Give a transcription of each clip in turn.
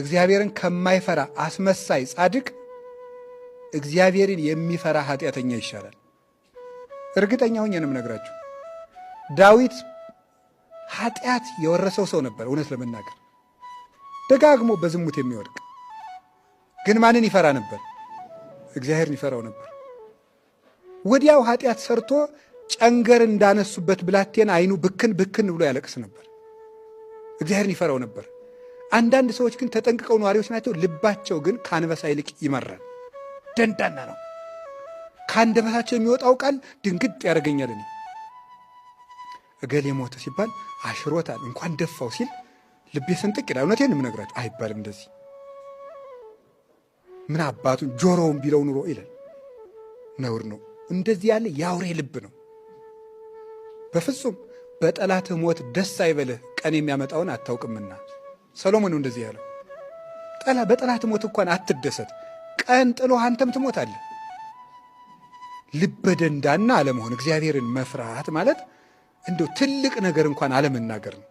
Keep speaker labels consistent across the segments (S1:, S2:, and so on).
S1: እግዚአብሔርን ከማይፈራ አስመሳይ ጻድቅ እግዚአብሔርን የሚፈራ ኃጢአተኛ ይሻላል። እርግጠኛ ሆኜ ነው የምነግራችሁ። ዳዊት ኃጢአት የወረሰው ሰው ነበር። እውነት ለመናገር ደጋግሞ በዝሙት የሚወድቅ ግን ማንን ይፈራ ነበር? እግዚአብሔርን ይፈራው ነበር። ወዲያው ኃጢአት ሰርቶ ጨንገር እንዳነሱበት ብላቴን አይኑ ብክን ብክን ብሎ ያለቅስ ነበር። እግዚአብሔርን ይፈራው ነበር። አንዳንድ ሰዎች ግን ተጠንቅቀው ነዋሪዎች ናቸው። ልባቸው ግን ከአንበሳ ይልቅ ይመራል። ደንዳና ነው። ከአንደበታቸው የሚወጣው ቃል ድንግጥ ያደርገኛል። እኔ እገሌ ሞተ ሲባል አሽሮታል እንኳን ደፋው ሲል ልቤ ስንጥቅ ይላል። እውነቴን የምነግራቸው አይባልም። እንደዚህ ምን አባቱን ጆሮውን ቢለው ኑሮ ይላል። ነውር ነው። እንደዚህ ያለ የአውሬ ልብ ነው። በፍጹም በጠላትህ ሞት ደስ አይበልህ፣ ቀን የሚያመጣውን አታውቅምና ሰሎሞን ነው እንደዚህ ያለው። ጠላ በጠላት ሞት እንኳን አትደሰት፣ ቀን ጥሎ አንተም ትሞታለህ። ልበደንዳና አለመሆን እግዚአብሔርን መፍራት ማለት እንደው ትልቅ ነገር እንኳን አለመናገር ነው።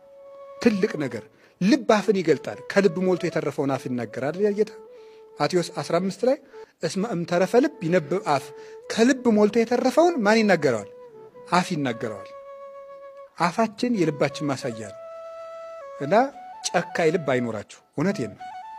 S1: ትልቅ ነገር ልብ አፍን ይገልጣል። ከልብ ሞልቶ የተረፈውን አፍ ይናገራል። ጌታ ማቴዎስ 15 ላይ እስመ እምተረፈ ልብ ይነብብ አፍ። ከልብ ሞልቶ የተረፈውን ማን ይናገረዋል? አፍ ይናገረዋል። አፋችን የልባችን ማሳያ ነው እና ጨካኝ ልብ አይኖራችሁ። እውነቴን ነው።